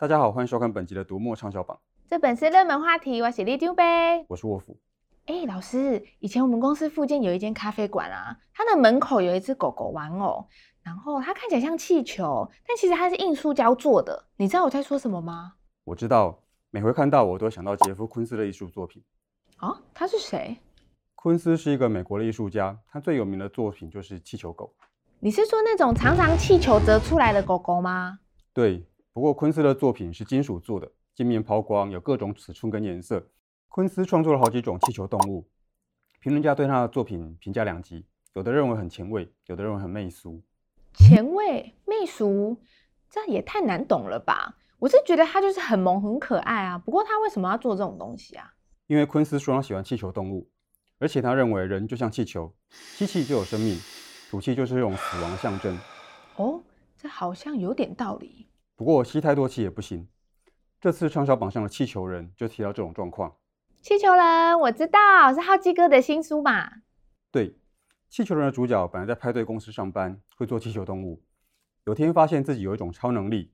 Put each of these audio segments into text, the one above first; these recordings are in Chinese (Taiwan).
大家好，歡迎收看本集的《讀墨暢銷榜》。這本是熱門話題，我寫立丟唄。我是沃夫。哎，老師，以前我們公司附近有一間咖啡館啊，它的門口有一隻狗狗玩偶，然後它看起來像氣球，但其實它是硬塑膠做的。你知道我在說什麼嗎？我知道，每回看到我，我都想到傑夫·昆斯的藝術作品。啊，他是誰？昆斯是一個美國的藝術家，他最有名的作品就是氣球狗。你是說那種長長氣球折出來的狗狗嗎？對。不過昆斯的作品是金屬做的，鏡面拋光，有各種尺寸跟顏色。昆斯創作了好幾種氣球動物，評論家對他的作品評價兩極，有的認為很前衛，有的認為很媚俗。前衛、媚俗，這也太難懂了吧？我是覺得他就是很萌、很可愛啊。不過他為什麼要做這種東西啊？因為昆斯說他喜歡氣球動物，而且他認為人就像氣球，吸氣就有生命，吐氣就是一種死亡象徵。哦，這好像有點道理。不過吸太多氣也不行。這次暢銷榜上的《氣球人》就提到這種狀況。氣球人，我知道，是浩基哥的新書嘛？對，氣球人的主角本來在派對公司上班，會做氣球動物。有天發現自己有一種超能力，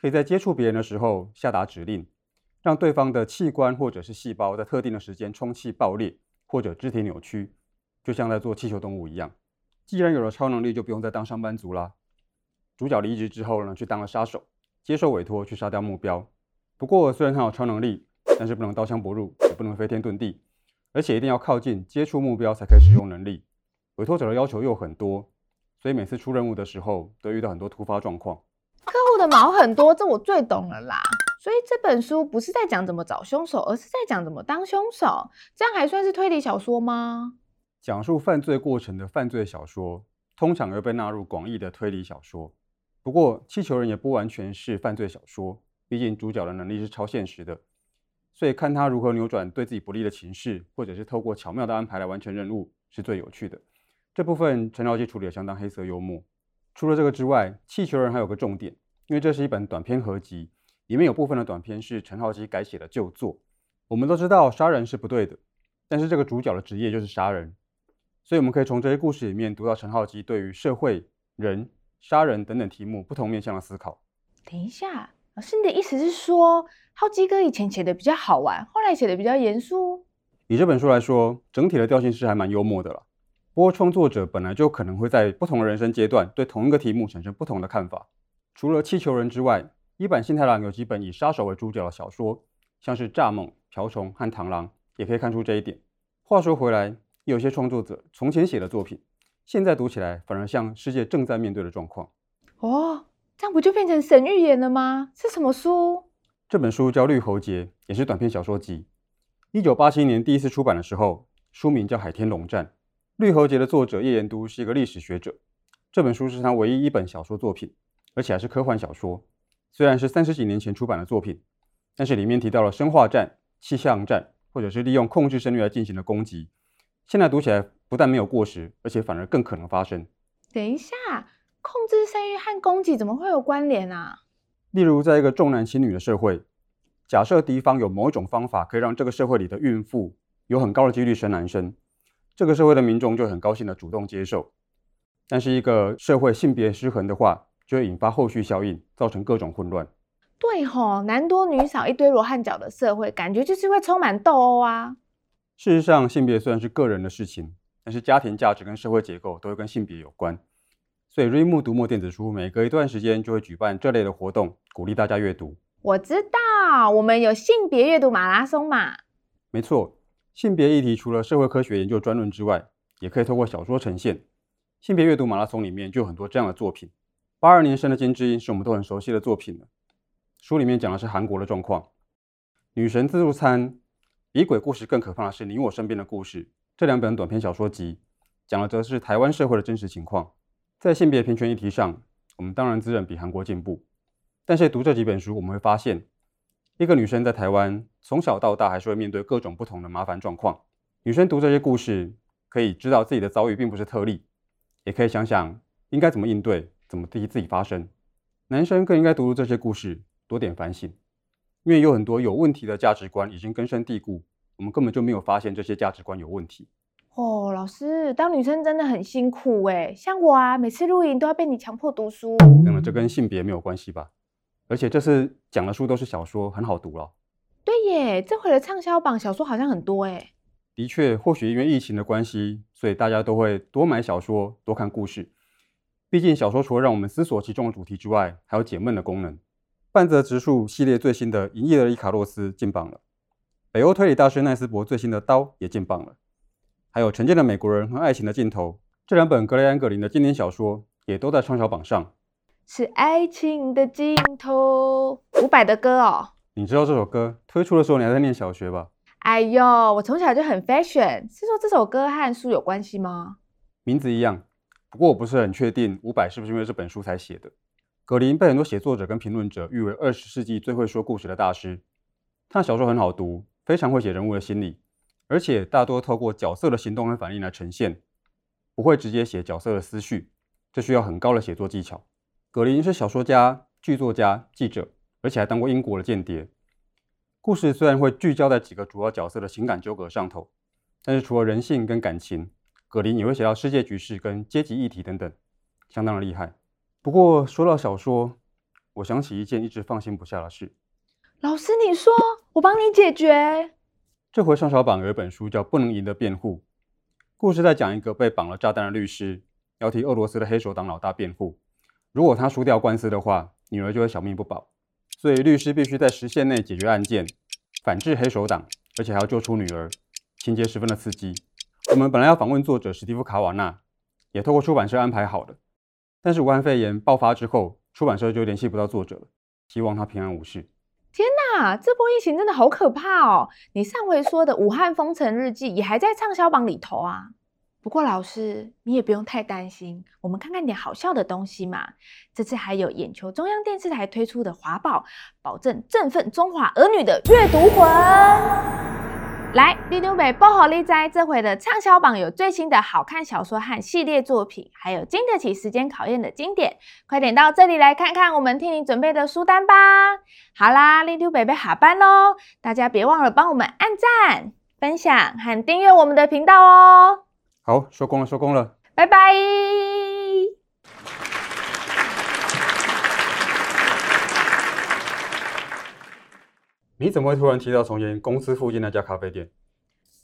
可以在接觸別人的時候下達指令，讓對方的器官或者是細胞在特定的時間充氣爆裂，或者肢體扭曲，就像在做氣球動物一樣。既然有了超能力，就不用再當上班族了。主角離職之後呢，去當了殺手。接受委托去殺掉目標，不過雖然他有超能力，但是不能刀槍不入，也不能飛天遁地，而且一定要靠近接觸目標才可以使用能力。委托者的要求又很多，所以每次出任務的時候都遇到很多突發狀況。客戶的毛很多，這我最懂了啦。所以這本書不是在講怎麼找凶手，而是在講怎麼當凶手。這樣還算是推理小說嗎？講述犯罪過程的犯罪小說，通常又被納入廣義的推理小說。不過，氣球人也不完全是犯罪小說，畢竟主角的能力是超現實的，所以看他如何扭轉對自己不利的情勢，或者是透過巧妙的安排來完成任務，是最有趣的。這部分陳浩基處理得相當黑色幽默。除了這個之外，氣球人還有個重點，因為這是一本短篇合集，裡面有部分的短篇是陳浩基改寫的舊作。我們都知道殺人是不對的，但是這個主角的職業就是殺人，所以我們可以從這些故事裡面讀到陳浩基對於社會人。殺人等等題目，不同面向的思考。等一下，老師，你的意思是說，浩基哥以前寫的比較好玩，後來寫的比較嚴肅？以這本書來說，整體的調性是還蠻幽默的啦。不過，創作者本來就可能會在不同的人生階段對同一個題目產生不同的看法。除了氣球人之外，伊坂幸太郎有幾本以殺手為主角的小說，像是《蚱蜢》《瓢蟲》和《螳螂》，也可以看出這一點。話說回來，有些創作者從前寫的作品，現在讀起來反而像世界正在面對的狀況。哦，這樣不就變成神預言了嗎？是什麼書？這本書叫《綠猴劫》，也是短篇小說集。一九八七年第一次出版的時候，書名叫《海天龍戰》。《綠猴劫》的作者葉言都是一個歷史學者。這本書是他唯一一本小說作品，而且還是科幻小說。雖然是三十幾年前出版的作品，但是裡面提到了生化戰、氣象戰，或者是利用控制聲律來進行的攻擊。現在讀起來不但沒有過時，而且反而更可能發生。等一下，控制生育和攻擊怎麼會有關聯啊？例如，在一個重男輕女的社會，假設敵方有某一種方法可以讓這個社會裡的孕婦有很高的幾率生男生，這個社會的民眾就很高興的主動接受。但是，一個社會性別失衡的話，就會引發後續效應，造成各種混亂。對吼，男多女少，一堆羅漢腳的社會，感覺就是會充滿鬥毆啊。事實上，性別雖然是個人的事情，但是家庭價值跟社會結構都會跟性別有關。所以，Readmoo 讀墨電子書每隔一段時間就會舉辦這類的活動，鼓勵大家閱讀。我知道，我們有性別閱讀馬拉松嘛？沒錯，性別議題除了社會科學研究專論之外，也可以透過小說呈現。性別閱讀馬拉松裡面就有很多這樣的作品。八二年生的金智英是我們都很熟悉的作品了。書裡面講的是韓國的狀況，《女神自助餐》。比鬼故事更可怕的是你我身邊的故事。這兩本短篇小說集講的則是台灣社會的真實情況。在性別平權議題上，我們當然自認比韓國進步，但是讀這幾本書，我們會發現，一個女生在台灣從小到大還是會面對各種不同的麻煩狀況。女生讀這些故事，可以知道自己的遭遇並不是特例，也可以想想應該怎麼應對，怎麼替自，自己發聲。男生更應該讀讀這些故事，多點反省。因為有很多有問題的價值觀已經根深蒂固，我們根本就沒有發現這些價值觀有問題。哦，老師，當女生真的很辛苦哎、欸，像我啊，每次露營都要被你強迫讀書。那麼、嗯嗯、這跟性別沒有關係吧？而且這次講的書都是小說，很好讀了。對耶，這回的暢銷榜小說好像很多哎、欸。的確，或許因為疫情的關係，所以大家都會多買小說，多看故事。畢竟小說除了讓我們思索其中的主題之外，還有解悶的功能。半澤直樹系列最新的《營業的伊卡洛斯》進榜了，北歐推理大師奈斯伯最新的《刀》也進榜了，還有《沉靜的美國人》和《愛情的盡頭》這兩本格雷安·格林的經典小說也都在暢銷榜上。是愛情的盡頭，伍佰的歌哦，你知道這首歌推出的時候，你還在念小學吧？哎呦，我從小就很 fashion，是說這首歌和書有關係嗎？名字一樣，不過我不是很確定伍佰是不是因為這本書才寫的。葛林被很多寫作者跟評論者譽為二十世紀最會說故事的大師。他的小說很好讀，非常會寫人物的心理，而且大多透過角色的行動和反應來呈現，不會直接寫角色的思緒，這需要很高的寫作技巧。葛林是小說家、劇作家、記者，而且還當過英國的間諜。故事雖然會聚焦在幾個主要角色的情感糾葛上頭，但是除了人性跟感情，葛林也會寫到世界局勢跟階級議題等等，相當的厲害。不過說到小說，我想起一件一直放心不下的事。老師，你說，我幫你解決。這回上小榜有一本書叫《不能贏的辯護》，故事在講一個被綁了炸彈的律師，要替俄羅斯的黑手黨老大辯護。如果他輸掉官司的話，女兒就會小命不保。所以律師必須在時限內解決案件，反制黑手黨，而且還要救出女兒，情節十分的刺激。我們本來要訪問作者史蒂夫卡瓦納，也透過出版社安排好的。但是武漢肺炎爆發之後，出版社就聯繫不到作者了，希望他平安無事。天哪，這波疫情真的好可怕哦！你上回說的《武漢封城日記》也還在暢銷榜裡頭啊。不過老師，你也不用太擔心，我們看看點好笑的東西嘛。這次還有眼球中央電視台推出的華報，保證振奮中華兒女的閱讀魂。來 little baby 這回的暢銷榜有最新的好看小說和系列作品，還有經得起時間考驗的經典。快點到這裡來看看我們替你準備的書單吧！好啦 little baby 下班嘍，大家別忘了幫我們按讚、分享和訂閱我們的頻道哦。好，收工了，收工了，拜拜。你怎麼會突然提到從前公司附近那家咖啡店？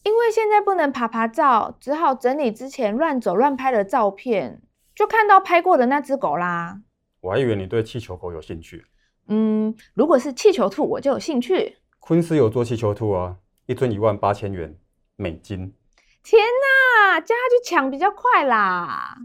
因為現在不能拍拍照，只好整理之前亂走亂拍的照片，就看到拍過的那隻狗啦。我還以為你對氣球狗有興趣。嗯，如果是氣球兔，我就有興趣。昆斯有做氣球兔啊，一尊一萬八千元美金。天哪，叫他去搶比較快啦。